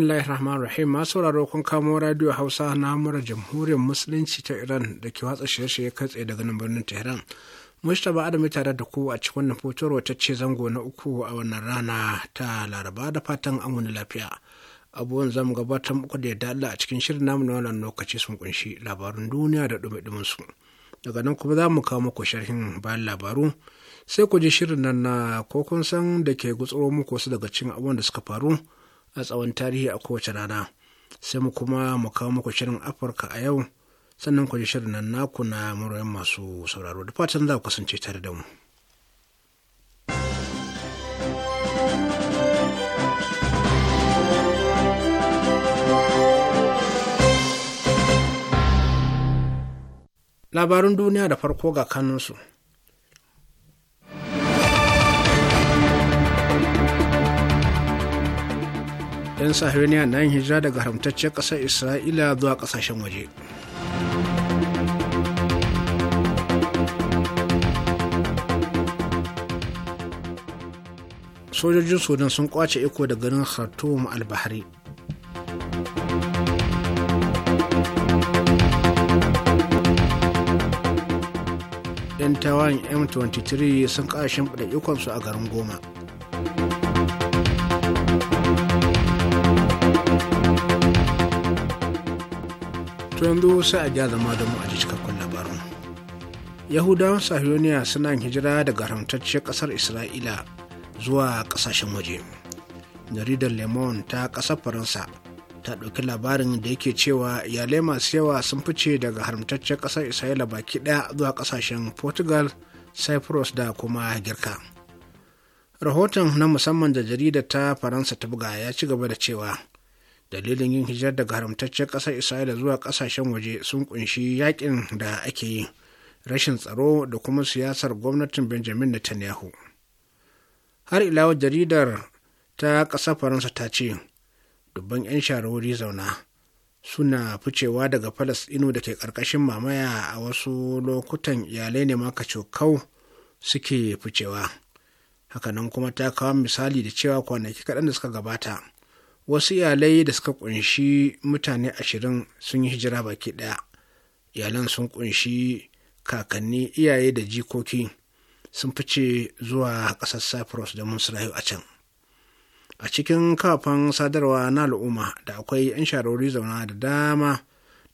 bismillahir rahman rahim masu sauraro kun kamo radio hausa na mura jamhuriyar musulunci ta iran da ke watsa shirye-shirye kai tsaye daga nan birnin tehran mustafa adamu tare da ku a cikin wannan fotowar ta ce zango na uku a wannan rana ta laraba da fatan an lafiya abubuwan zamu gabatar muku da yadda allah a cikin shirin namu na wannan lokaci sun kunshi labarun duniya da dumi su daga nan kuma za mu kawo muku sharhin bayan labaru sai ku ji shirin nan na kokon kun san da ke gutsuro muku wasu daga cikin abubuwan da suka faru a tsawon tarihi a kowace rana sai mu kuma mu kawo muku shirin afirka a yau sannan ku ji shirin nan naku na murayen masu sauraro da fatan za ku kasance tare da mu. Labarin duniya da farko ga kanunsu. 'yan sahariya na yin hijira daga haramtacciyar ƙasar isra'ila zuwa ƙasashen waje sojojin sudan sun kwace iko da garin khartoum al-bahari yan tawan m23 sun kashin da ikonsu a garin goma to yanzu sai a ja zama da mu a cikakkun labarin yahudawan sahiyoniya suna hijira daga haramtacciyar ƙasar isra'ila zuwa ƙasashen waje jaridar Lemon ta ƙasar faransa ta ɗauki labarin da yake cewa iyalai masu yawa sun fice daga haramtacciyar ƙasar isra'ila baki ɗaya zuwa ƙasashen portugal cyprus da kuma girka rahoton na musamman da jaridar ta faransa ta buga ya ci gaba da cewa dalilin yin hijirar daga haramtaccen ƙasar isra'ila zuwa ƙasashen waje sun kunshi yakin da ake yi rashin tsaro da kuma siyasar gwamnatin benjamin netanyahu har ila jaridar ta ƙasar faransa ta ce dubban 'yan shawarwari zauna suna ficewa daga falasɗinu da ke ƙarƙashin mamaya a wasu lokutan iyalai ne maka cokau suke ficewa hakanan kuma ta kawo misali da cewa kwanaki kaɗan da suka gabata wasu iyalai da suka kunshi mutane ashirin sun yi hijira baki ɗaya iyalan sun kunshi kakanni iyaye da jikoki sun fice zuwa ƙasar cyprus da rayu a can a cikin kafan sadarwa na al'umma da akwai 'yan sharori zauna da dama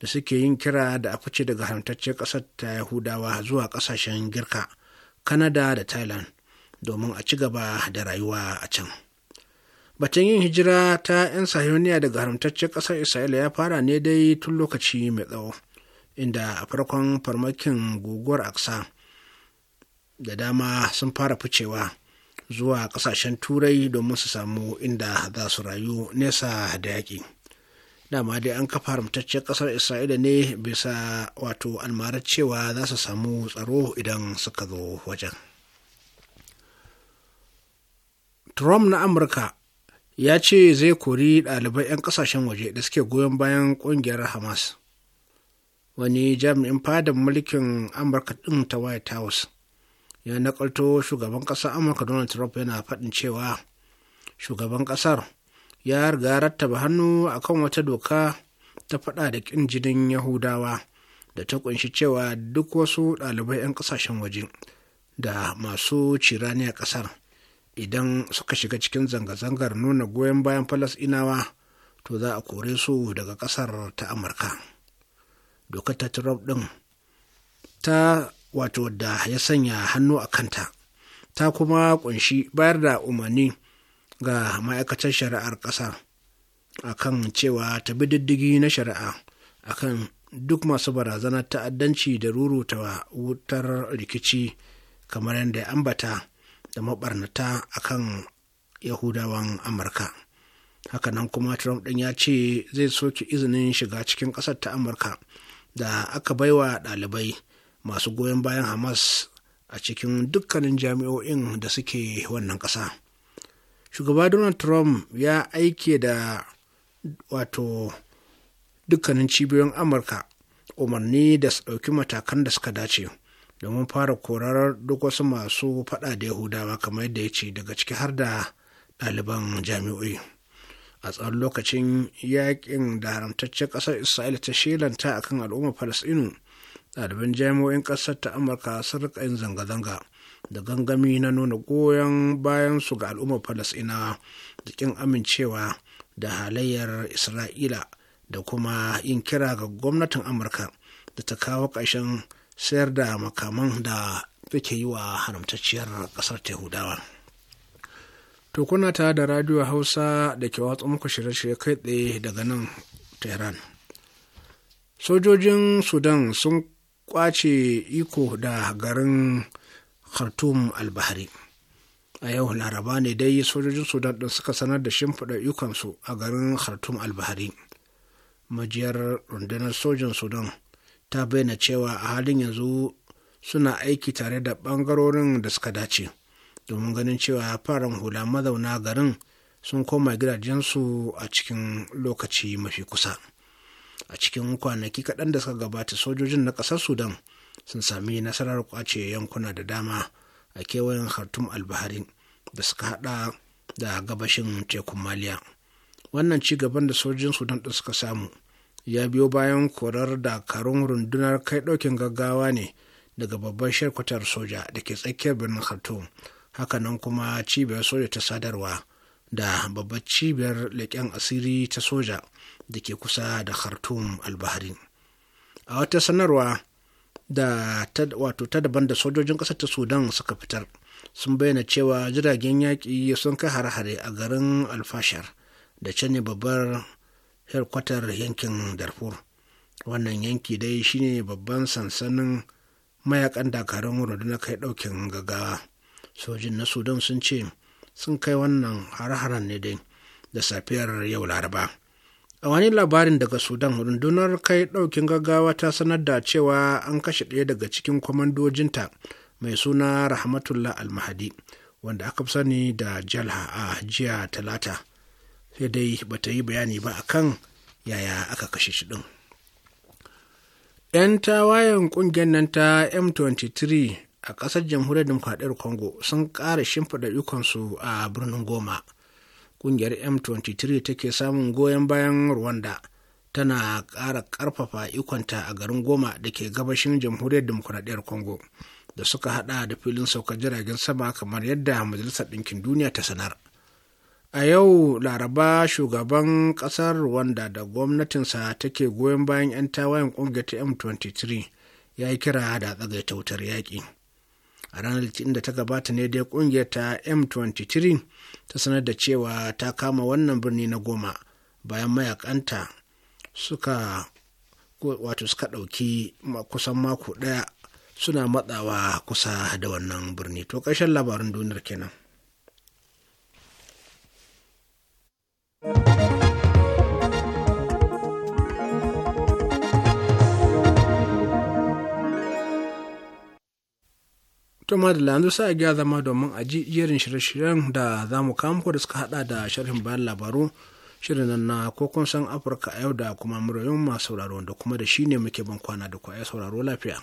da suke yin kira da a fice daga haramtacciyar ƙasar ta yahudawa zuwa ƙasashen girka kanada da thailand domin a ci gaba da rayuwa a can. Batun yin hijira ta 'yan sahiyoniya daga haramtaccen ƙasar Isra'ila ya fara ne dai tun lokaci mai tsawo, inda a farkon farmakin guguwar aksa da dama sun fara ficewa zuwa ƙasashen turai domin su samu inda za su rayu nesa da yaƙi. Dama dai an kafa haramtaccen ƙasar Isra'ila ne bisa wato almarar cewa za su samu tsaro idan suka zo wajen. Trump na Amurka ya ce zai kori ɗalibai 'yan ƙasashen waje da suke goyon bayan ƙungiyar hamas wani jami'in fadar mulkin amurka ɗin ta white house ya nakalto shugaban ƙasar amurka donald trump yana faɗin cewa shugaban ƙasar ya riga rattaba hannu akan wata doka ta faɗa da ƙin jinin yahudawa da ta kunshi cewa duk wasu ɗalibai 'yan ƙasashen waje da masu cirani a ƙasar idan suka shiga cikin zanga-zangar nuna goyon bayan falasinawa to za a kore su daga ƙasar ta amurka dokar ta trump ɗin ta wato da ya sanya hannu a kanta ta kuma kunshi bayar da umarni ga ma'aikatar shari'ar ƙasa akan cewa ta bi diddigi na shari'a akan duk masu barazanar ta'addanci da rurutawa wutar rikici kamar yadda ya ambata da mabarnata kan yahudawan amurka hakanan kuma trump ɗin ya ce zai soke izinin shiga cikin ƙasar ta amurka da aka baiwa ɗalibai masu goyon bayan hamas a cikin dukkanin jami'o'in da suke wannan ƙasa shugaba donald trump ya aike da wato dukkanin cibiyoyin amurka umarni da su ɗauki matakan da suka dace domin fara korar duk wasu masu faɗa da yahudawa kamar yadda ya ce daga ciki har da ɗaliban jami'o'i a tsawon lokacin yakin da haramtaccen ƙasar isra'ila ta shelanta a kan al'ummar falasɗinu ɗaliban jami'o'in ƙasar ta amurka sun rika yin zanga-zanga da gangami na nuna goyon bayan su ga al'ummar Falasina da ƙin amincewa da halayyar isra'ila da kuma yin kira ga gwamnatin amurka da ta kawo ƙarshen sayar da makaman da take yi wa haramtacciyar ƙasar tehudawa to kuna ta da radio hausa da ke watsa muku shirye-shirye kai tsaye daga nan tehran sojojin sudan sun kwace iko da garin khartoum albahari a yau laraba ne dai sojojin sudan ɗin suka sanar da shimfiɗa ikonsu a garin khartoum albahari majiyar rundunar sojin sudan ta bayyana cewa a halin yanzu suna aiki tare da ɓangarorin da suka dace domin ganin cewa fara hula mazauna garin sun koma gidajensu a cikin lokaci mafi kusa a cikin kwanaki kaɗan da suka gabata sojojin na ƙasar sudan sun sami nasarar kwace yankuna da dama a kewayen Hartun albahari da suka hada da gabashin tekun maliya wannan ci gaban da sojojin sudan ɗin suka samu ya biyo bayan korar dakarun rundunar kai ɗaukin gaggawa ne daga babban shirkutar soja da ke tsakiyar birnin khartoum hakanan kuma cibiyar soja ta sadarwa da babbar cibiyar leƙen asiri ta soja da ke kusa da khartoum albahari a wata sanarwa da wato ta daban da sojojin ƙasar ta sudan suka fitar sun bayyana cewa jiragen yaƙi sun kai hare-hare a garin alfashar da can babbar herkwatar yankin darfur wannan yanki dai shine babban sansanin mayakan dakarun na kai daukin gaggawa sojin na sudan sun ce sun kai wannan har-haren ne dai da safiyar yau laraba a wani labarin daga sudan rundunar kai daukin gaggawa ta sanar da cewa an kashe ɗaya daga cikin kwamandojinta mai suna rahmatullah almahadi wanda aka fi sani da jalha a jiya talata sai dai bata yi bayani ba akan yaya aka kashe shi ɗin. 'yan tawayen ƙungiyar nan ta m23 a ƙasar jamhuriyar dimokuraɗiyar congo sun ƙara shimfiɗa ikonsu a birnin goma ƙungiyar m23 take samun goyon bayan rwanda tana ƙara ƙarfafa ikonta a garin goma da ke gabashin jamhuriyar dimokuraɗiyar congo da suka haɗa da filin saukar jiragen sama kamar yadda majalisar ɗinkin duniya ta sanar a yau laraba shugaban kasar wanda da gwamnatinsa take goyon bayan 'yan tawayen kungiyar ta m23 ya yi kira da tsagaita wutar yaƙi a ranar litinin da ta gabata ne dai kungiyar ta m23 ta sanar da cewa ta kama wannan birni na goma bayan mayakanta suka wato suka ɗauki kusan mako ɗaya suna matsawa kusa da wannan birni to ƙarshen labarin duniyar kenan. To madalla yanzu sai ga zama domin a ji jerin shirye-shiryen da za mu kawo da suka hada da sharhin bayan labaru shirin nan na kokon san Afirka a yau da kuma murayen masu sauraro da kuma da shi ne muke ban kwana da kwaya sauraro lafiya.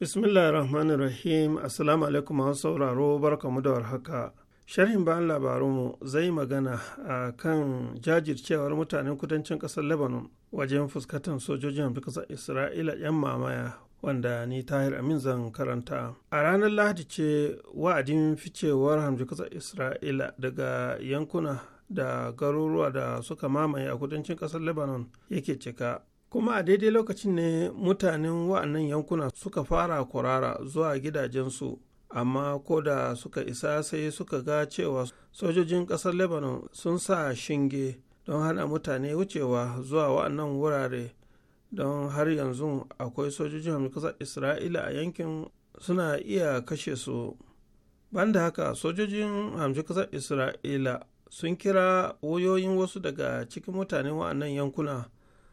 bismillah rahmanir rahim assalamu alaikum masu sauraro barkamu da warhaka sharhin bayan labarunmu zai magana a kan jajircewar mutanen kudancin ƙasar lebanon wajen fuskatan sojojin amurka isra'ila 'yan mamaya wanda ni tahir amin zan karanta a ranar lahadi ce wa'adin ficewar kasar isra'ila daga yankuna da garuruwa da suka mamaye a kudancin ƙasar lebanon yake cika kuma a daidai lokacin ne mutanen wa'annan yankuna suka fara kurara zuwa gidajensu amma ko da suka isa sai suka ga cewa sojojin ƙasar lebanon sun sa shinge don hana mutane wucewa zuwa wa'annan wurare don har yanzu akwai sojojin hamdukasar isra'ila a yankin suna iya kashe su banda haka sojojin hamdukasar isra'ila sun kira wayoyin wasu daga cikin mutanen wa'annan yankuna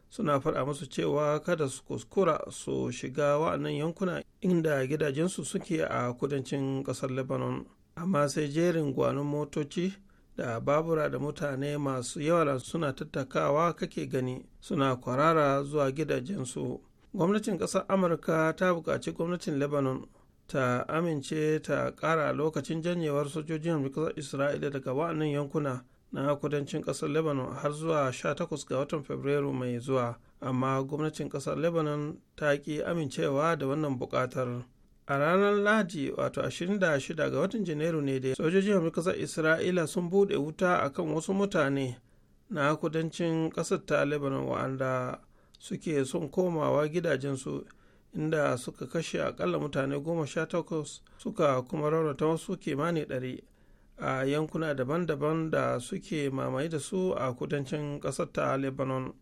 suna faɗa musu cewa kada su kuskura su shiga wa'annan yankuna inda gidajensu suke a kudancin ƙasar lebanon amma sai jerin gwanon motoci da babura da mutane masu yawa suna tattakawa kake gani suna kwarara zuwa gidajensu gwamnatin ƙasar amurka ta buƙaci gwamnatin lebanon ta amince ta ƙara lokacin janyewar sojojin ƙasar isra'ila daga wa'annan yankuna na kudancin kasar lebanon har zuwa 18 ga watan fabrairu mai zuwa amma gwamnatin kasar lebanon ta ki amincewa da wannan bukatar a ranar lahadi wato 26 ga watan janairu ne da sojojin amurka kasar isra'ila sun bude wuta akan wasu mutane na kudancin kasar ta lebanon wa'anda suke sun komawa gidajensu inda suka kashe akalla mutane 18 suka kuma raunata wasu kimanin ɗari. a yankuna daban-daban da suke mamaye da su a kudancin ƙasar ta lebanon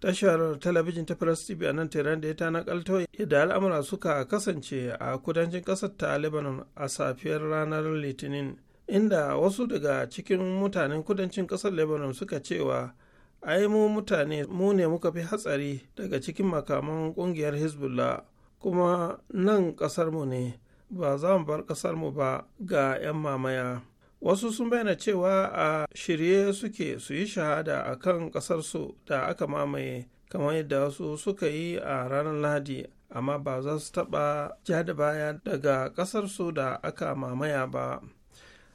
tashar talabijin ta press tv a nan tehran da ya ta nakalto yadda al'amura suka kasance a kudancin ƙasar ta lebanon a safiyar ranar litinin inda wasu daga cikin mutanen kudancin ƙasar lebanon suka cewa ai mu mutane mu ne muka fi hatsari daga cikin makaman ƙungiyar hezbollah kuma nan ƙasarmu ne ba za mu bar ƙasarmu ba ga 'yan mamaya wasu sun bayyana cewa a shirye suke su yi shahada a kan ƙasarsu da aka mamaye kamar yadda wasu suka yi a ranar lahadi amma ba za su taɓa ja da baya daga ƙasarsu da aka mamaya ba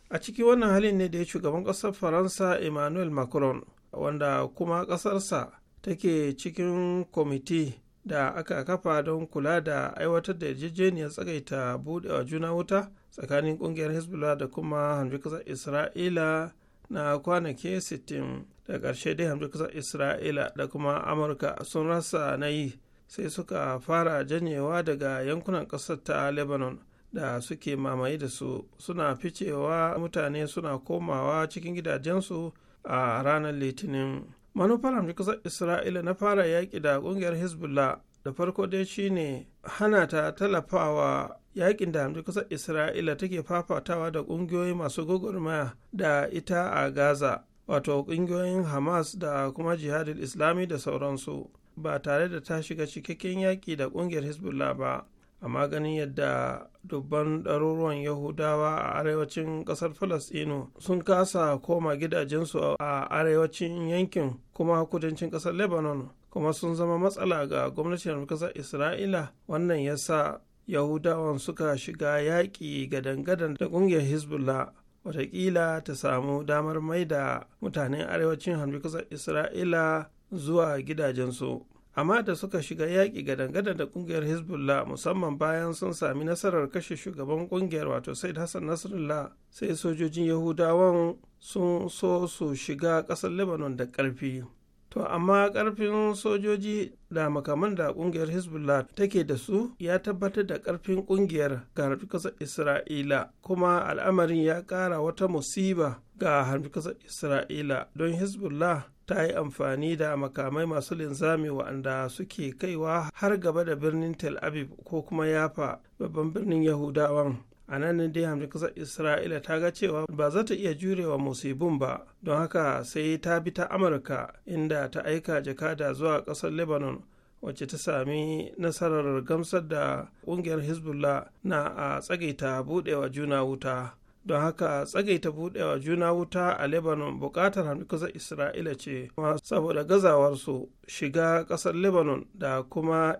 a ciki wannan halin ne da ya shugaban ƙasar faransa emmanuel macron wanda kuma ƙasarsa take cikin kwamiti da aka kafa don kula da aiwatar da yarjejeniyar tsagaita buɗewa juna wuta tsakanin kungiyar hezbollah da kuma hamjikasar isra'ila na kwanaki 60 da karshe dai hamjikasar isra'ila da kuma amurka sun rasa na yi sai suka fara janyewa daga yankunan ƙasar ta lebanon da suke mamaye da su suna ficewa mutane suna komawa cikin gidajensu a ranar litinin manufar hamjikasar isra'ila na fara yaƙi da ƙungiyar hezbollah da farko dai shine hana ta talafawa yakin da hamdu kasar isra'ila take fafatawa da ƙungiyoyi masu gwagwarmaya da ita a gaza wato ƙungiyoyin hamas da kuma jihadul islami da sauransu ba tare da ta shiga cikakken yaƙi da ƙungiyar hezbollah ba amma ganin yadda dubban ɗaruruwan yahudawa a arewacin ƙasar falasɗinu sun kasa koma gidajensu a arewacin yankin kuma kudancin ƙasar lebanon kuma sun zama matsala ga gwamnatin ƙasar isra'ila wannan ya sa yahudawan suka shiga yaƙi ga dangadan da ƙungiyar hezbollah watakila ta samu damar mai da mutanen arewacin hamdukusar isra'ila zuwa gidajensu amma da suka shiga yaƙi ga dangadan da ƙungiyar hezbollah musamman bayan sun sami nasarar kashe shugaban ƙungiyar wato said hassan nasrullah sai sojojin yahudawan sun so su shiga ƙasar lebanon da ƙarfi to amma ƙarfin sojoji da makaman da ƙungiyar hezbollah take da su ya tabbatar da ƙarfin ƙungiyar ga harfi kasar isra'ila kuma al'amarin ya ƙara wata musiba ga harfi kasar isra'ila don hezbollah ta yi amfani da makamai masu linzami wa'anda suke kaiwa har gaba da birnin tel aviv ko kuma yafa babban birnin yahudawan a nan dai hamdin kasar isra'ila ta ga cewa ba za ta iya jurewa musibin ba don haka sai ta bi ta amurka inda ta aika jakada zuwa kasar lebanon wacce ta sami nasarar gamsar da kungiyar hezbollah na a tsagaita budewa juna wuta don haka tsagaita budewa juna wuta a lebanon bukatar kasar isra'ila ce saboda gazawarsu shiga kasar lebanon da kuma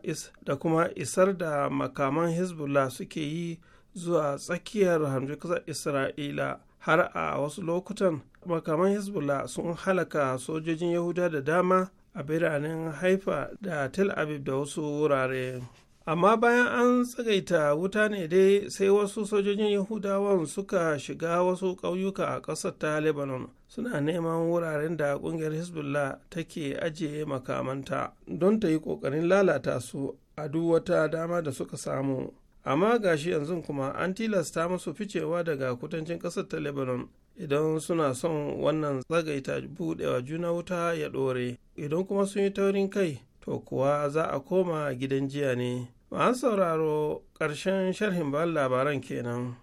isar da makaman hezbollah suke yi zuwa tsakiyar hamji isra'ila har a wasu lokutan makaman hezbollah sun halaka sojojin yahuda da dama a biranen haifa da tel aviv da wasu wurare amma bayan an tsagaita wuta ne dai sai wasu sojojin yahudawan suka shiga wasu ƙauyuka a ƙasar ta lebanon suna neman wuraren da ƙungiyar hezbollah take ajiye makamanta don ta yi ƙoƙarin lalata su a duk wata dama da suka samu amma gashi yanzu kuma an tilasta musu ficewa daga kudancin ƙasar ta lebanon idan suna son wannan tsagaita buɗewa juna wuta ya ɗore idan kuma sun yi taurin kai to kuwa za a koma gidan jiya ne an sauraro ƙarshen sharhin bayan labaran kenan.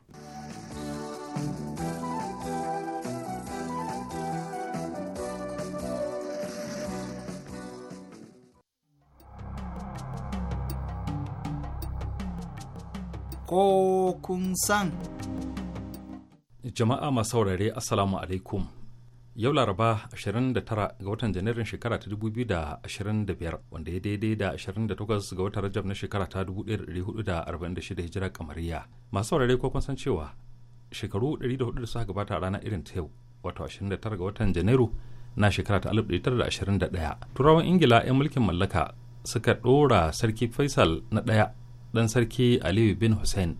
ko kun san. Jama'a masu saurare Assalamu alaikum. Yau Laraba 29 ga watan Janairun shekara ta 2025 wanda ya daidai da 28 ga watan Rajab na shekara ta 1446 hijira kamariya. Masu saurare ko kun san cewa shekaru 104 da suka gabata a ranar irin ta yau wato 29 ga watan Janairu na shekara ta 1921. Turawan Ingila 'yan mulkin mallaka suka ɗora Sarki Faisal na ɗaya ɗan sarki aliyu bin hussein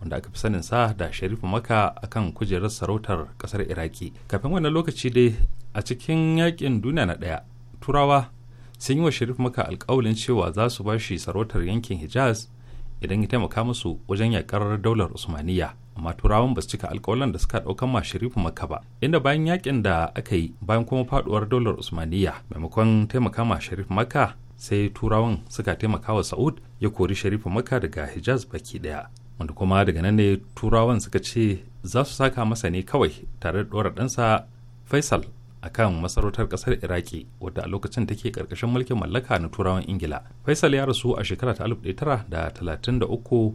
wanda aka fi sanin sa da sharifu maka akan kujerar sarautar ƙasar iraki kafin wannan lokaci dai a cikin yakin duniya na ɗaya turawa sun yi wa sharif maka alkawalin cewa za su ba shi sarautar yankin hijaz idan ya taimaka musu wajen yakar daular usmaniya amma turawan ba su cika alkawalan da suka ɗaukan ma sharifu maka ba inda bayan yakin da aka yi bayan kuma faduwar daular usmaniya maimakon taimaka ma sharif maka sai turawan suka taimaka wa sa'ud ya kori sharifa maka daga hijaz baki daya wanda kuma daga nan ne turawan suka ce za su saka masa ne kawai tare da ɗora ɗansa faisal kan masarautar ƙasar iraki wadda a lokacin take karkashin mulkin mallaka na turawan ingila faisal ya rasu a shekara ta 1933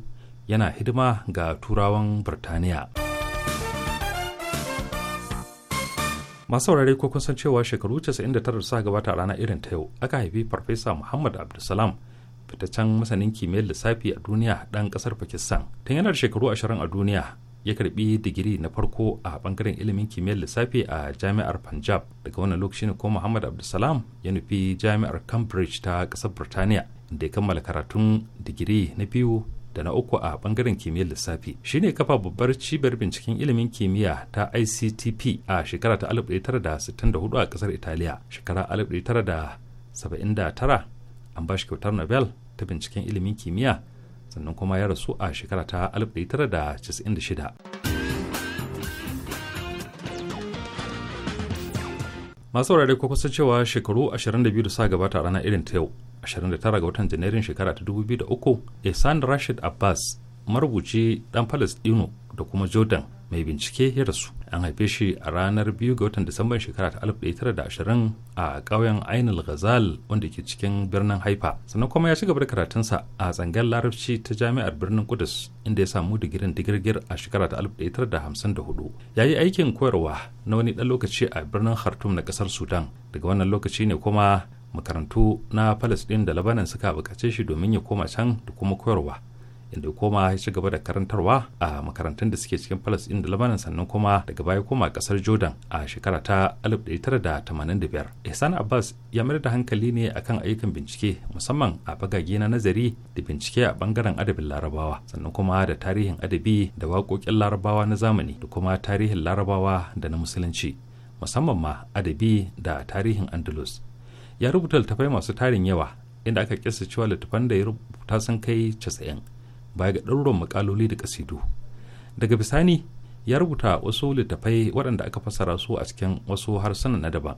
yana hidima ga turawan birtaniya masu saurare ko kun san cewa shekaru 99 suka gabata a rana irin ta yau aka haifi farfesa muhammad abdulsalam fitaccen masanin kimiyyar lissafi a duniya dan kasar pakistan tun yana da shekaru 20 a duniya ya karbi digiri na farko a bangaren ilimin kimiyyar lissafi a jami'ar punjab daga wannan lokacin ko muhammad abdulsalam ya nufi jami'ar cambridge ta kasar birtaniya da ya kammala karatun digiri na biyu da na uku a bangaren kimiyyar lissafi shine kafa babbar cibiyar binciken ilimin kimiyya ta ICTP a shekara ta 1964 a kasar Italiya shekara 1979 an ba shi kyautar Nobel ta binciken ilimin kimiyya sannan kuma ya rasu a shekara ta 1996 masu saurare ko kusa cewa shekaru 22 da sa gabata a ranar irin ta yau 29 ga watan janairun shekara ta 2003 ehsan rashid abbas marubuci dan palestino da kuma jordan mai bincike ya rasu an haife shi a ranar 2 ga watan disamban shekara ta 1920 a ƙauyen ainul ghazal wanda ke cikin birnin haifa sannan kuma ya ci gaba da karatunsa a tsangayar larabci ta jami'ar birnin kudus inda ya samu digirin digirgir a shekara ta 1954 ya yi aikin koyarwa na wani ɗan lokaci a birnin khartoum na ƙasar sudan daga wannan lokaci ne kuma makarantu na palestine da labanan suka bukace shi domin ya koma can da kuma koyarwa inda ya koma ya ci gaba da karantarwa a makarantun da suke cikin palestine da labanan sannan kuma daga baya koma ƙasar jordan a shekara ta 1985 ihsan abbas ya mayar da hankali ne akan ayyukan bincike musamman a bagage na nazari da bincike a bangaren adabin larabawa sannan kuma da tarihin adabi da waƙoƙin larabawa na zamani da kuma tarihin larabawa da na musulunci musamman ma adabi da tarihin andalus ya rubuta littafai masu tarin yawa inda aka kisa cewa littafan da ya rubuta sun kai casa'in baya ga ɗaruruwan makaloli da ƙasidu. daga bisani ya rubuta wasu littafai waɗanda aka fassara su a cikin wasu harsuna na daban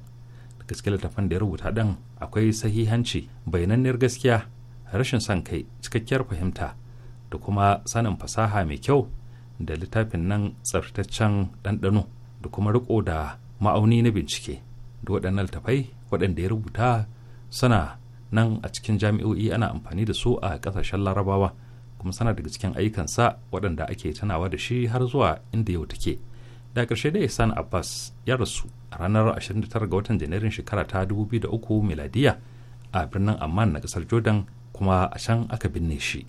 gaske littafan da ya rubuta ɗin akwai sahihanci bayananniyar gaskiya rashin son kai cikakkiyar fahimta da kuma sanin fasaha mai kyau da littafin nan tsaftataccen ɗanɗano da kuma riko da ma'auni na bincike da waɗannan littafai waɗanda ya rubuta sana nan a cikin jami'o'i ana amfani da su a ƙasashen larabawa kuma sana daga cikin ayyukansa waɗanda ake tunawa da shi har zuwa inda yau take da ƙarshe da isan abbas ya rasu a ranar 29 ga watan janairun shekara ta 2003 miladiya a birnin amman na ƙasar jordan kuma a can aka binne shi.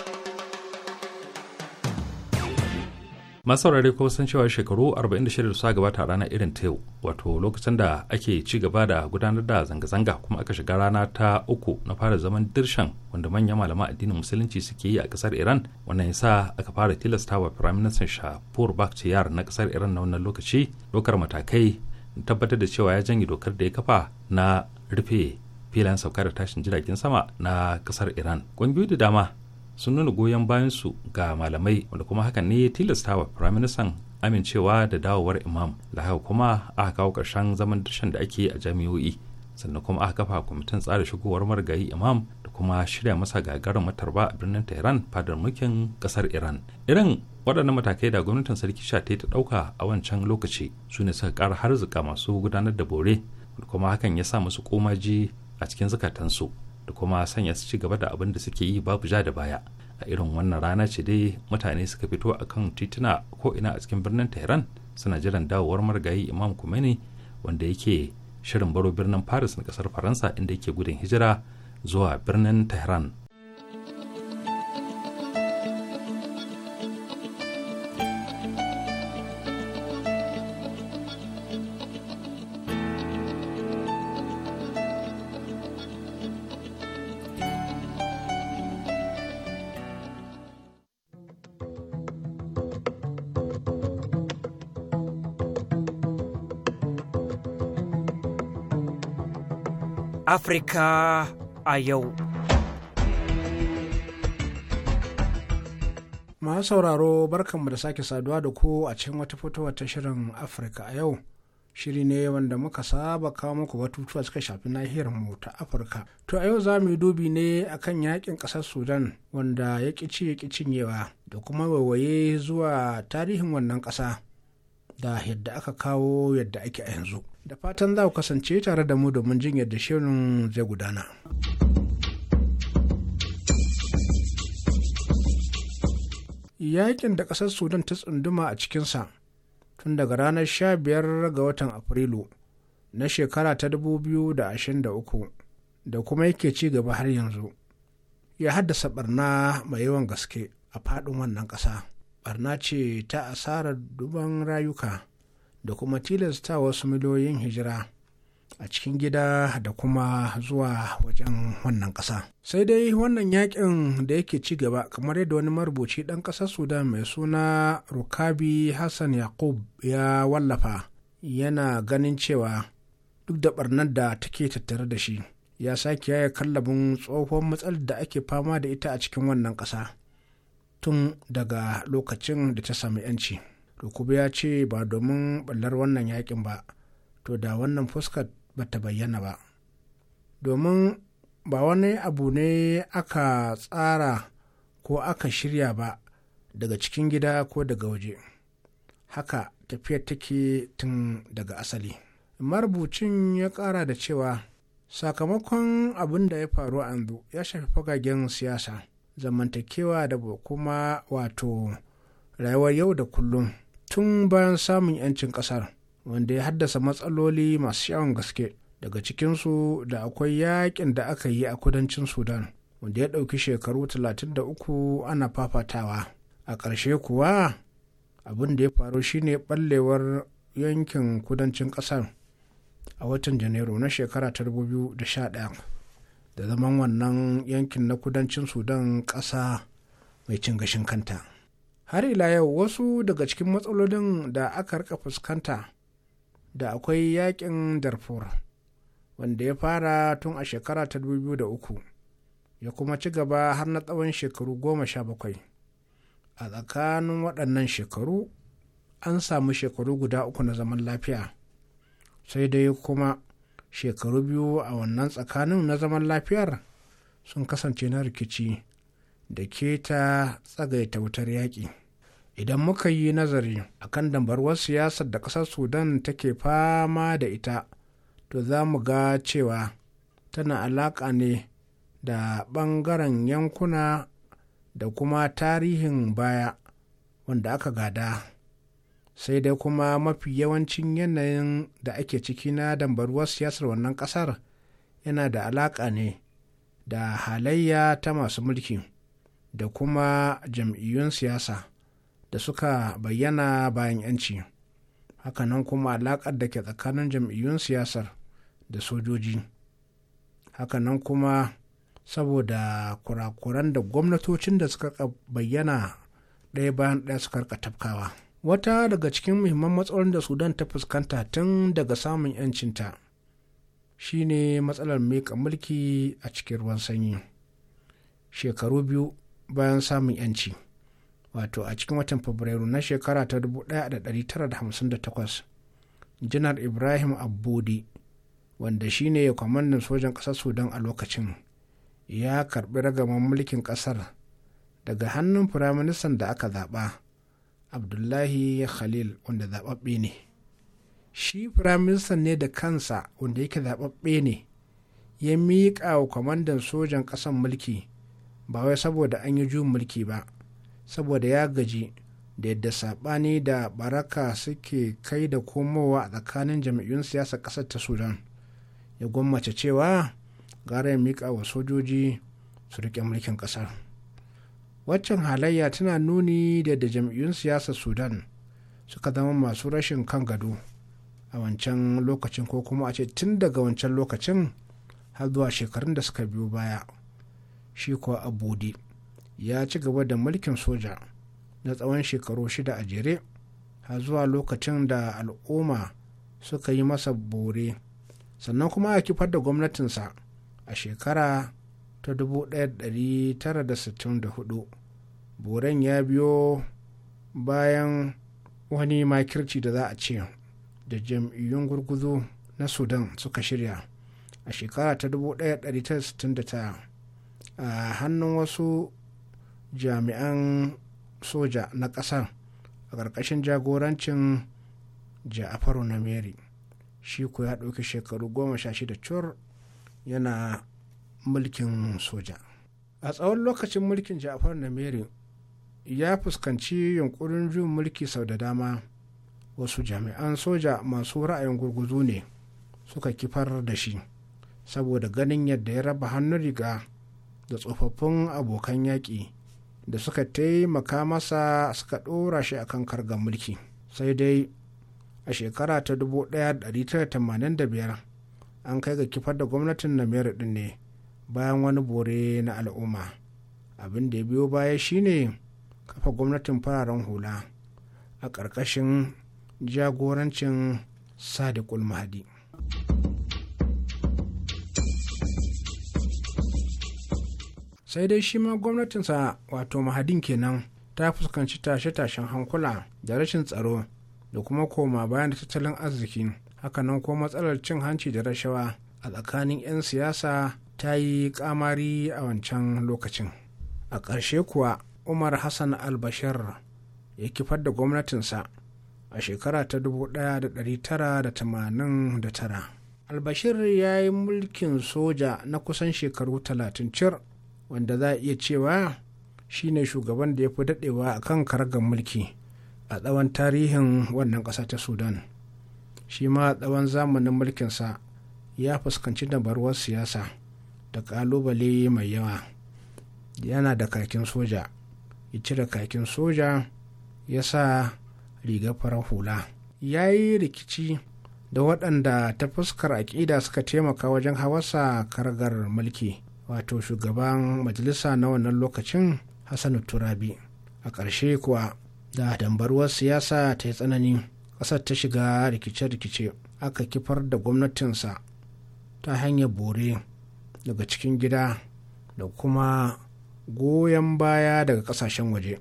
masu saurare kuma san cewa shekaru 46 da suka gabata a ranar irin ta yau wato lokacin da ake ci gaba da gudanar da zanga-zanga kuma aka shiga rana ta uku na fara zaman dirshan wanda manyan malama addinin musulunci suke yi a kasar iran wannan sa aka fara tilasta wa firaministan shapur bakhtiyar na kasar iran na wannan lokaci dokar matakai tabbatar da cewa ya janye dokar da ya kafa na rufe filayen sauka da tashin jiragen sama na kasar iran ƙungiyoyi da dama sun nuna goyon bayansu ga malamai wanda kuma hakan ne ya tilasta wa firaministan amincewa da dawowar imam da kuma aka kawo ƙarshen zaman dashen da ake a jami'o'i sannan kuma aka kafa kwamitin tsara shigowar margayi imam da kuma shirya masa gagarin matarba a birnin tehran fadar mulkin kasar iran irin waɗannan matakai da gwamnatin sarki sha ta ɗauka a wancan lokaci su ne suka ƙara harzuka masu gudanar da bore kuma hakan ya sa musu komaji a cikin zukatansu da kuma sanya su ci gaba da abin da suke yi babu ja da baya a irin wannan rana ce dai mutane suka fito a kan tituna ko ina a cikin birnin tehran suna jiran dawowar marigayi imam kumeni wanda yake shirin baro birnin paris na kasar faransa inda yake gudun hijira zuwa birnin tehran Afirka a yau. Masu sauraro barkanmu da sake saduwa da ku a cikin wata fitowar ta shirin Afirka a yau. Shiri ne wanda muka saba kawo muku batutuwa suka shafi nahiyar mu ta Afirka. To a yau za mu yi dubi ne akan yakin ƙasar Sudan wanda ya ƙici ya ƙi cinyewa da kuma waiwaye zuwa tarihin wannan ƙasa da yadda aka kawo yadda ake a yanzu. da fatan za ku kasance tare da mu domin jin yadda shirin zai gudana. Yaƙin da ƙasar Sudan ta tsunduma a cikinsa tun daga ranar sha biyar ga watan Afrilu na shekara ta 2023 da kuma yake ci gaba har yanzu ya haddasa barna mai yawan gaske a faɗin wannan ƙasa barna ce ta asarar duban rayuka da kuma tilasta wasu miliyoyin hijira a cikin gida da kuma zuwa wajen wannan ƙasa. Sai dai wannan yakin da yake ci gaba kamar yadda wani marubuci ɗan ƙasar Sudan mai suna Rukabi Hassan Yakub ya wallafa yana ganin cewa duk da ɓarnar da take tattare da shi ya sake yaya kallabin tsohon matsalar da ake fama da ita a cikin wannan ƙasa tun daga lokacin da ta sami 'yanci. rukubu ya ce ba domin ɓallar wannan yakin ba to da wannan fuskar ba ta bayyana ba domin ba wani abu ne aka tsara ko aka shirya ba daga cikin gida ko daga waje haka tafiyar take tun daga asali marubucin ya kara da cewa sakamakon abin da ya faru a yanzu ya shafi fagagen siyasa zamantakewa da kuma wato rayuwar yau da kullum tun bayan samun 'yancin ƙasar wanda ya haddasa matsaloli masu yawan gaske daga cikinsu da akwai yakin da aka yi a kudancin sudan wanda ya ɗauki shekaru 33 ana fafatawa a ƙarshe kuwa abin da ya faru shine ɓallewar yankin kudancin ƙasar a watan janairu na shekara ta 2011 da zaman wannan yankin na kudancin sudan ƙasa mai cin gashin kanta har ila yau wasu daga cikin matsalolin da aka rika fuskanta da akwai yakin darfur wanda ya fara tun a shekara ta uku ya kuma ci gaba har na tsawon shekaru goma sha bakwai a tsakanin waɗannan shekaru an samu shekaru guda uku na zaman lafiya sai dai kuma shekaru biyu a wannan tsakanin na zaman lafiyar sun kasance na rikici da ke ta tsagaita wutar yaƙi idan muka yi nazari a kan dambarwar siyasar da ƙasar sudan take fama da ita to za mu ga cewa tana alaƙa ne da ɓangaren yankuna da kuma tarihin baya wanda aka gada sai dai kuma mafi yawancin yanayin da ake ciki na dambarwar siyasar wannan ƙasar yana da alaƙa ne da halayya ta masu mulki da kuma jam'iyyun siyasa da suka bayyana bayan 'yanci hakanan kuma alaƙar da ke tsakanin jam'iyyun siyasar da sojoji hakanan kuma saboda kurakuran da gwamnatocin da suka bayyana ɗaya bayan ɗaya suka rika tafkawa wata daga cikin muhimman matsalolin da sudan ta fuskanta tun daga samun 'yancinta shine matsalar mulki a cikin ruwan sanyi shekaru biyu bayan samun yanci wato a cikin watan fabrairu na shekara ta 1958 janar ibrahim abbodi wanda shine kwamandan sojan ƙasar sudan a lokacin ya karɓi ragaman mulkin ƙasar daga hannun firaministan da aka zaɓa abdullahi khalil wanda zaɓaɓɓe ne shi firaministan ne da kansa wanda yake zaɓaɓɓe ne ya miƙa wa kwamandan sojan ƙasar mulki ba wai saboda an yi juyin mulki ba saboda ya gaji da yadda saɓani da baraka suke kai da komowa a tsakanin jam'iyyun siyasar ƙasar ta sudan ya gwammace cewa gara ya miƙa wa sojoji su riƙe mulkin ƙasar waccan halayya tana nuni da yadda jam'iyyun siyasar sudan suka zama masu rashin kan gado a wancan lokacin ko kuma a ce tun daga wancan lokacin har zuwa shekarun da suka biyo baya shi kuwa bude ya ci gaba da mulkin soja na tsawon shekaru shida a jere har zuwa lokacin da al'umma suka yi masa bore sannan kuma a kifar da gwamnatinsa a shekara ta 1964 boren ya biyo bayan wani makirci da za a ce da jam'iyyun gurguzu na sudan suka shirya a shekara ta a hannun wasu jami'an soja na ƙasar a ƙarƙashin jagorancin ja'afaru na meri shi ku ya ɗauki shekaru goma sha shida cur yana mulkin soja a tsawon lokacin mulkin ja'afaru na meri ya fuskanci yunkurin juyin mulki sau da dama wasu jami'an soja masu ra'ayin gurguzu ne suka kifar da shi saboda ganin yadda ya raba hannun riga da tsofaffin abokan yaƙi da suka taimaka masa suka ɗora shi akan kargar mulki sai dai a shekara ta 1985 an kai ga kifar da gwamnatin namir ɗin ne bayan wani bore na al'umma abin da ya biyo baya shine kafa gwamnatin fararen hula a ƙarƙashin jagorancin sadiq mahadi sai dai shi ma gwamnatinsa wato mahadin kenan ta fuskanci tashe-tashen hankula da rashin tsaro da kuma koma bayan da tattalin arziki hakanan ko matsalar cin hanci da rashawa a tsakanin 'yan siyasa ta yi kamari a wancan lokacin a ƙarshe kuwa umar hassan albashir ya kifar da gwamnatinsa a shekara ta 1989 albashir ya yi mulkin soja na kusan shekaru 30 cir wanda za a iya cewa shi ne shugaban da ya fi daɗewa a kan karagar mulki a tsawon tarihin wannan ƙasa ta sudan shi ma tsawon zamanin mulkinsa ya fuskanci dabarwar siyasa da ƙalubale mai yawa yana da kakin soja ya cire kakin soja ya sa riga farar hula ya yi rikici da waɗanda ta fuskar aƙida suka taimaka wajen hawasa kargar mulki wato shugaban majalisa na wannan lokacin hassanu turabi a ƙarshe kuwa da dambarwar siyasa ta yi tsanani ƙasar ta shiga rikice-rikice aka kifar da gwamnatinsa ta hanyar bore daga cikin gida da kuma goyon baya daga ƙasashen waje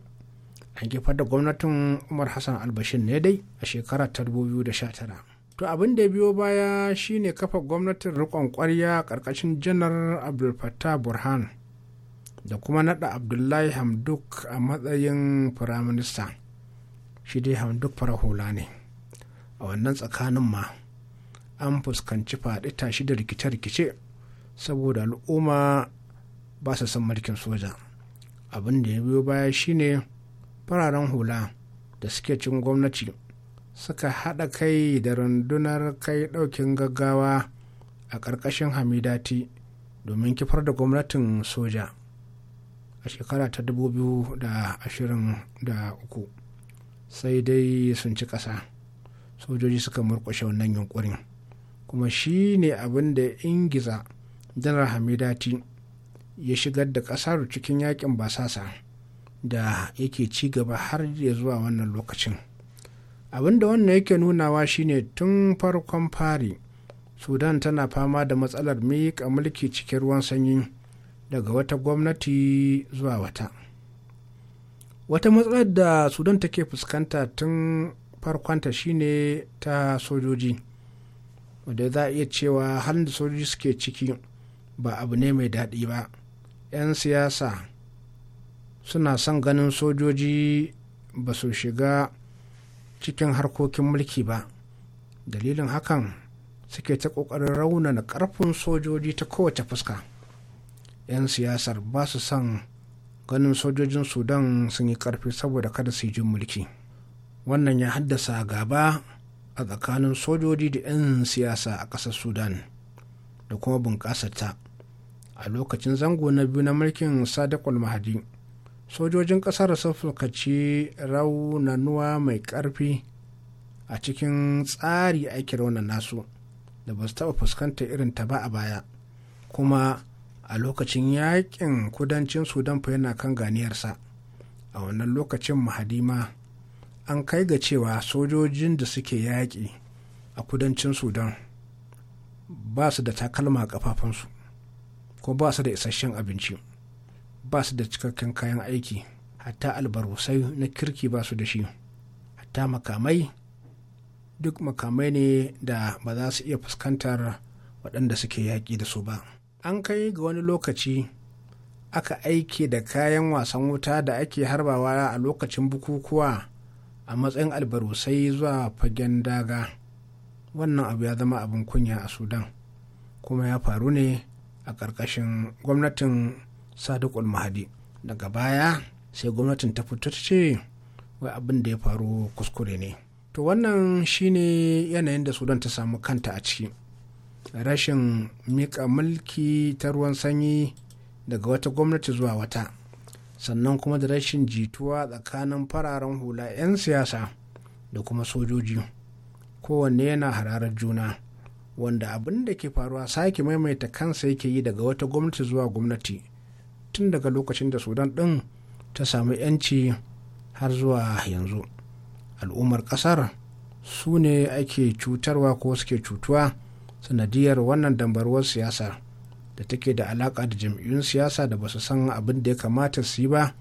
an kifar da gwamnatin umar hassan albashin ne dai a shekarar 2019 to abin da biyo baya shine kafa gwamnatin riƙon ƙwarya ƙarƙashin janar abdulfattah burhan da kuma naɗa abdullahi hamduk a matsayin firaminista shi dai hamduk hula ne a wannan tsakanin ma an fuskanci faɗi tashi da rikice-rikice saboda al'umma ba su san mulkin soja abin da ya biyo baya shine fararen hula da suke cin gwamnati suka haɗa kai da rundunar kai ɗaukin gaggawa a ƙarƙashin hamidati domin kifar da gwamnatin soja a shekara ta da ashirin uku, sai dai sun ci ƙasa sojoji suka murƙushe wannan yunkurin kuma shi ne abin da ingiza janar hamidati ya shigar da ƙasar cikin yakin basasa da yake ci gaba har zuwa wannan lokacin. abinda wannan yake nunawa shine tun farkon fari sudan tana fama da matsalar miƙa mulki cikin ruwan sanyi daga wata gwamnati zuwa wata wata matsalar da sudan take fuskanta tun farkonta shine ta sojoji wadda za a iya cewa halin da sojoji suke ciki ba abu ne mai daɗi ba 'yan siyasa suna son ganin sojoji ba su shiga cikin harkokin mulki ba dalilin hakan suke ta ƙoƙarin raunana ƙarfin sojoji ta kowace fuska 'yan siyasar ba su son ganin sojojin sudan sun yi ƙarfi saboda kada su yi jin mulki wannan ya haddasa gaba a tsakanin sojoji da 'yan siyasa a ƙasar sudan da kuma bunƙasar ta a lokacin zango na biyu na mulkin sadakul mahadi sojojin ƙasar sun fulkaci raunanuwa mai ƙarfi a cikin tsari ake raunan nasu da ba su taɓa fuskantar irin ta ba a baya kuma a lokacin yakin kudancin sudan fa yana kan ganiyarsa a wannan lokacin mahadima an kai ga cewa sojojin da suke yaƙi a kudancin sudan ba su da takalma a ƙafafunsu ko ba su da isasshen abinci ba su da cikakken kayan aiki hatta albarusai na kirki ba su da shi hatta makamai duk makamai ne da ba za su iya fuskantar waɗanda suke yaƙi da su ba an kai ga wani lokaci aka aiki da kayan wasan wuta da ake harbawa a lokacin bukukuwa a matsayin albarusai zuwa fagen daga wannan abu ya zama abin kunya a sudan kuma ya faru ne a ƙarƙashin gwamnatin sadiq mahadi daga baya sai gwamnatin ta fito ta ce wai abin da ya faru kuskure ne to wannan shine yanayin da sudan ta samu kanta a ciki rashin mika mulki ta ruwan sanyi daga wata gwamnati zuwa wata sannan kuma da rashin jituwa tsakanin fararen hula 'yan siyasa da kuma sojoji kowanne yana hararar juna wanda abin da ke faruwa sake maimaita kansa yake yi daga wata gwamnati zuwa gwamnati tun daga lokacin da sudan ɗin ta samu 'yanci har zuwa yanzu al'ummar ƙasar su ne ake cutarwa ko suke cutuwa sanadiyar wannan dambarwar siyasa da take da alaƙa da jam'iyyun siyasa da ba su san abin da ya kamata su yi ba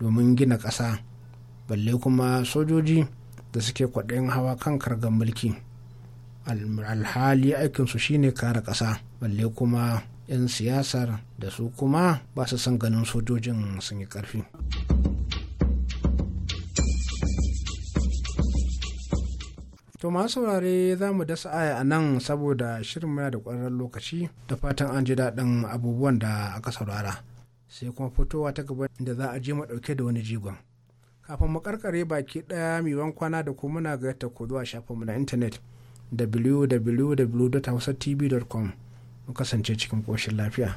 domin gina ƙasa balle kuma sojoji da suke kwaɗayin hawa kan kargan mulki alhali aikinsu shine kare ƙasa balle kuma 'yan siyasar da su kuma ba su son ganin sojojin sun yi ƙarfi. To masu saurare za mu dasa aya a nan saboda shirin muna da ƙwararren lokaci da fatan an ji daɗin abubuwan da aka saurara. Sai kuma fitowa ta gaba da za a je mu ɗauke da wani jigon. Kafin mu karkare baki ɗaya miwan kwana da kuma muna gayyata ku zuwa shafinmu na intanet www.hausatv.com kasance cikin koshin lafiya.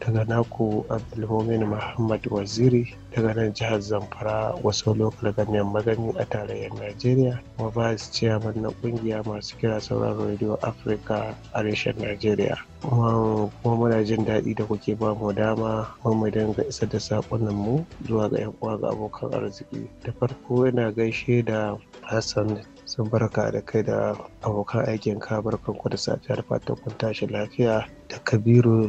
daga naku abdulmumin muhammad waziri daga nan jihar zamfara wasu lokal ganyen magani a tarayyar najeriya kuma vice chairman na kungiya masu kira sauran radio africa a reshen najeriya kuma muna jin daɗi da kuke ba mu dama kuma mu dinga isar da saƙonan mu zuwa ga yan uwa ga abokan arziki da farko ina gaishe da hassan sun barka da kai da abokan aikin ka barkanku da safiyar fatan kun tashi lafiya da kabiru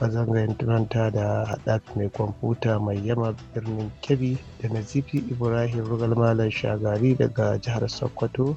ba zan da haɗaf mai kwamfuta mai yama birnin kebbi da nazifi ibrahim rugal malam shagari daga jihar sokoto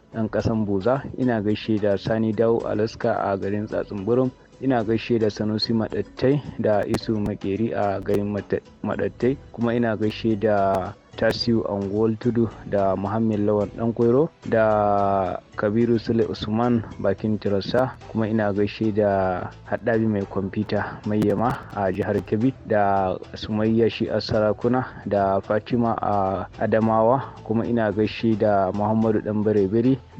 ɗan ƙasan Boza ina gaishe da Sani Dawo Alaska a garin Tsatsunburum ina gaishe da Sanusi Madattai da Isu Makeri a garin Madattai kuma ina gaishe da tasiu angol tudu da muhammed lawan dan koiro da kabiru sule usman bakin tirasa kuma ina gaishe da haɗabi mai kwamfuta mai yama a jihar kebbi da sumayya shi a sarakuna da fatima a adamawa kuma ina gaishe da muhammadu dan bare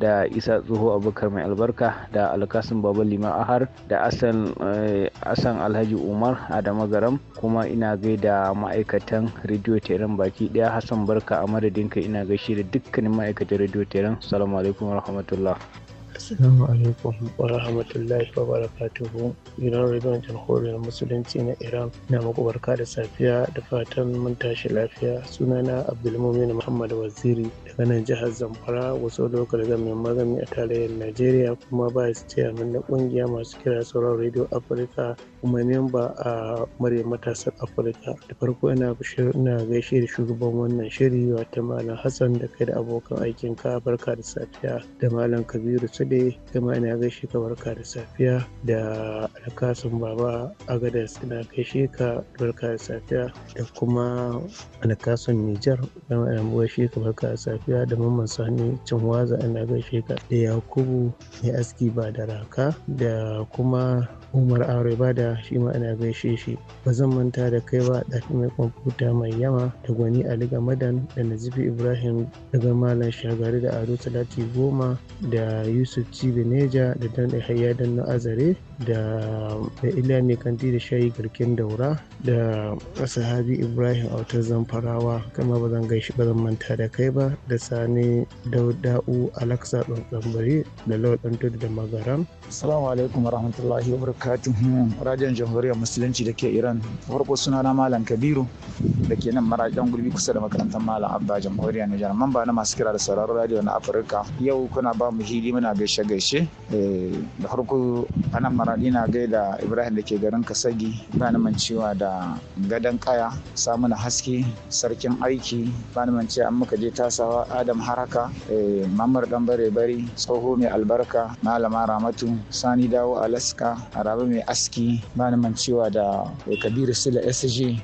da isa tsoho abubakar mai albarka da alkasin baba liman ahar da asan eh, alhaji umar adama garam kuma ina gaida ma'aikatan rediyo teran baki daya hassan barka a madadinka ina gaishe da dukkanin ma'aikatan rediyo teran salamu alaikum rahmatullah Assalamu alaikum wa rahmatullahi wa barakatuhu. Gidan rediyon jamhuriyar musulunci na Iran na muku barka da safiya da fatan mun tashi lafiya. Sunana Abdulmumin Muhammad Waziri daga nan jihar Zamfara wasu lokacin da mai magani a tarayyar Najeriya kuma ba su ce na kungiya masu kira sauran rediyo Afirka kuma memba a murya matasan Afirka. Da farko ina ina gaishe da shugaban wannan shiri wata Malam Hassan da kai da abokan aikinka, barka da safiya da Malam Kabiru Sule dare kai ina gaishe ka barka da safiya da alkasun baba agadas ina gaishe ka barka da safiya da kuma alkasun nijar kai ma gaishe ka barka da safiya da mamman sani cinwaza ina gaishe ka da yakubu mai aski ba da raka da kuma umar aure da shi ma ina gaishe shi ba zan manta da kai ba ɗafi mai kwamfuta mai yama da gwani ali gamadan da nazifi ibrahim daga malam shagari da ado talati goma da yusuf neja da dan hayya dan na azare da mai mai kanti da shayi garken daura da sahabi ibrahim autar zamfarawa kama ba zan gaishe ba zan manta da kai ba da sani dauda'u alaksa tsambari da lawal tudu da magaram assalamu alaikum warahmatullahi wabarakatuh radiyon jamhuriyar musulunci da ke iran farko suna na malam kabiru da ke nan marajan gurbi kusa da makarantar malam abba jamhuriyar nijar ba na masu kira da sauraron radiyo na afirka yau kuna ba mu hili muna gaishe gaishe eh, da farko anan mara faɗi na gaida ibrahim da ke garin kasagi bani mancewa da gadon kaya samu na haske sarkin aiki bani mancewa an muka je tasawa adam haraka eh, mamar dan bare bari tsoho mai albarka malama ramatu sani dawo alaska arabe mai aski bani mancewa da eh, kabiru sila sg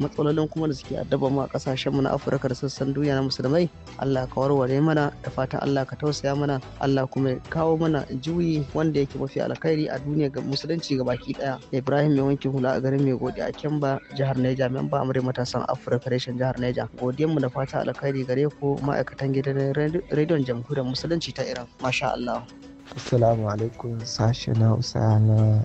matsalolin kuma da suke addaba mu a kasashen mu na Afirka da sassan duniya na musulmai Allah ka warware mana da fatan Allah ka tausaya mana Allah kuma ya kawo mana juyi wanda yake mafi alkhairi a duniya ga musulunci ga baki daya Ibrahim mai wanki hula a garin mai godi a Kemba jihar Neja memba amure matasan Afirka reshen jihar Neja godiyar mu da fatan alkhairi gare ku ma'aikatan gidan rediyon jamhuriyar musulunci ta Iran masha Allah Assalamu alaikum sashen Hausa na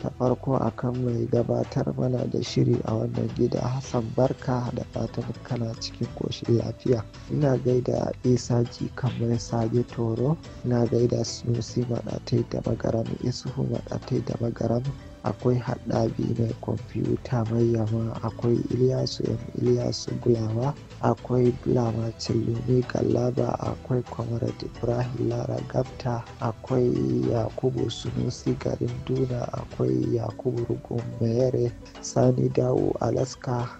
ta farko akan mai gabatar mana da shiri a wannan gida hassan barka da fatan kana cikin koshin lafiya ina gaida isa ji kamar sage toro ina gaida sunusi maɗatai da magaram isuhu maɗatai da magaram akwai haɗabi mai kwamfuta mai yama akwai iliyasu yan iliyasu gulawa akwai bulama mai galaba akwai comrade ibrahim lara gabta akwai yakubu sunusi garin duna akwai yakubu rugun mayere sani dawo alaska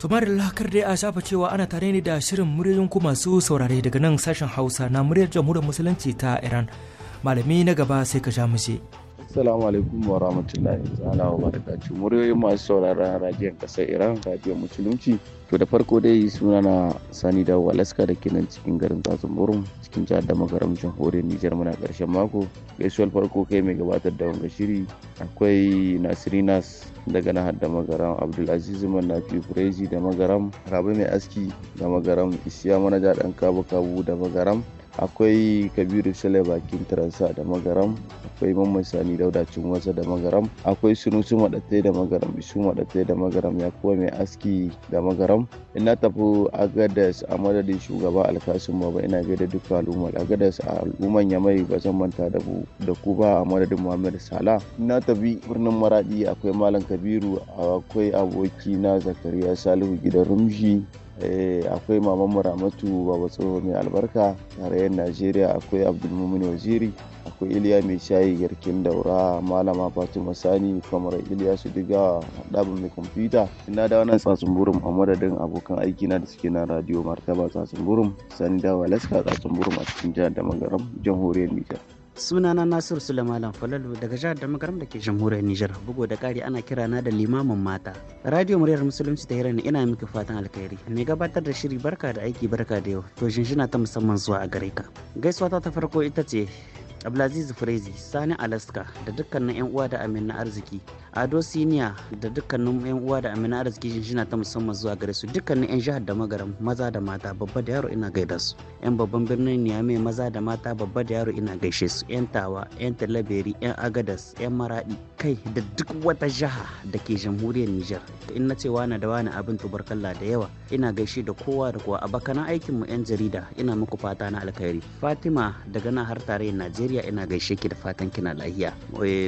tumarilla kar dai a shafa cewa ana tare ne da shirin muryoyin ku masu saurare daga nan sashen hausa na muryar jamhuriyar musulunci ta iran malami na gaba sai ka sha mushe. Assalamu alaikum wa rahmatullahi wa barakatuh. Muryoyin masu sauraron radiyon kasar Iran, radiyon musulunci. to da farko dai suna na sani da walaska da kenan cikin garin tsatsun cikin jihar da magaram jamhuriyar nijar muna karshen mako gaisuwar farko kai mai gabatar da wanga shiri akwai nasirinas daga nahar da magaram abdulaziz manafi kureji da magaram rabi mai aski da magaram isiya manaja dan kabu kabu da magaram akwai kabiru sale bakin taransa da magaram akwai mamman sani dauda cin wasa da magaram akwai sunusu madatte da magaram isu maɗatai da magaram ya kuwa mai aski da magaram ina tafi agadas a madadin shugaba alkasun baba ina gaida duka al'ummar agadas a al'umman yamai ba zan manta da ku ba a madadin muhammad sala ina tafi birnin maradi akwai malam kabiru akwai aboki na zakariya salihu gidan rumshi eh, akwai maman muramatu baba tsoho mai albarka tarayyar najeriya akwai abdulmumin waziri akwai iliya mai shayi garkin daura malama fatima sani kamar iliya su diga ɗabin mai kwamfuta ina da wannan tsatsun burum a madadin abokan aiki na da suke na radio martaba tsatsun burum sani da laska tsatsun burum a cikin jihar da magaram jamhuriyar nijar sunana nasiru sulaiman falalu daga jihar damagaram da ke jamhuriyar nijar bugu da ƙari ana kira na da limamin mata radio muryar musulunci ta hirar ina miki fatan alkhairi mai gabatar da shiri barka da aiki barka da yau to shinshina ta musamman zuwa a gare ka gaisuwa ta farko ita ce abdulaziz Frezi sani alaska da dukkanin 'yan uwa da amin na arziki ado siniya da dukkanin yan uwa da amina arziki jinjina ta musamman zuwa gare su dukkanin yan jihar da magaram maza da mata babba da yaro ina gaida su yan babban birnin niyame maza da mata babba da yaro ina gaishe su yan tawa yan talaberi yan agadas yan maradi kai da duk wata jiha da ke jamhuriyar nijar in na ce wani da wani abin tubarkalla da yawa ina gaishe da kowa da kowa abokanan aikin mu yan jarida ina muku fata na alkhairi fatima daga nan har tarayyar najeriya ina gaishe ki da fatan kina lahiya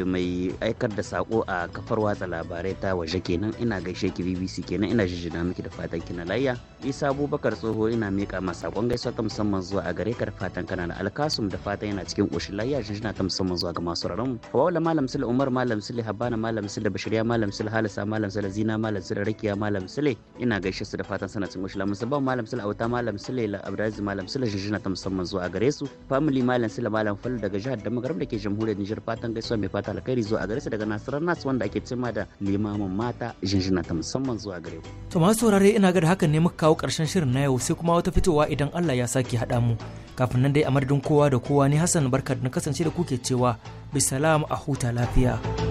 mai aikar da sako a kafar watsa labarai ta waje kenan ina gaishe ki BBC kenan ina jijjina miki da fatan kina layya Isa Abubakar tsoho ina mika ma sakon gaisuwa ta musamman zuwa a gare ka da fatan kana da alkasum da fatan yana cikin koshin layya jijjina ta musamman zuwa ga masu raron Hawala Malam Sule Umar Malam Sule Habana Malam Sule Bashiriya Malam Sule Halisa Malam Sule Zina Malam Sule Rakiya Malam Sule ina gaishe su da fatan sana cikin koshin layya musamman Malam Sule Auta Malam Sule Abdulaziz Malam Sule jijjina ta musamman zuwa gare su family Malam Sule Malam Fal daga jihar Damagaram da ke jamhuriyar Nijar fatan gaisuwa mai fata alkhairi zuwa gare su daga Nasarar Nas wanda da ake cema da limamin mata jinjina ta musamman zuwa gare ku. To masu saurare ina ga da hakan ne muka kawo karshen shirin na yau sai kuma wata fitowa idan Allah ya sake haɗa mu. Kafin nan dai a madadin kowa da kowa ni Hassan barka na kasance da kuke cewa bisalam a huta lafiya.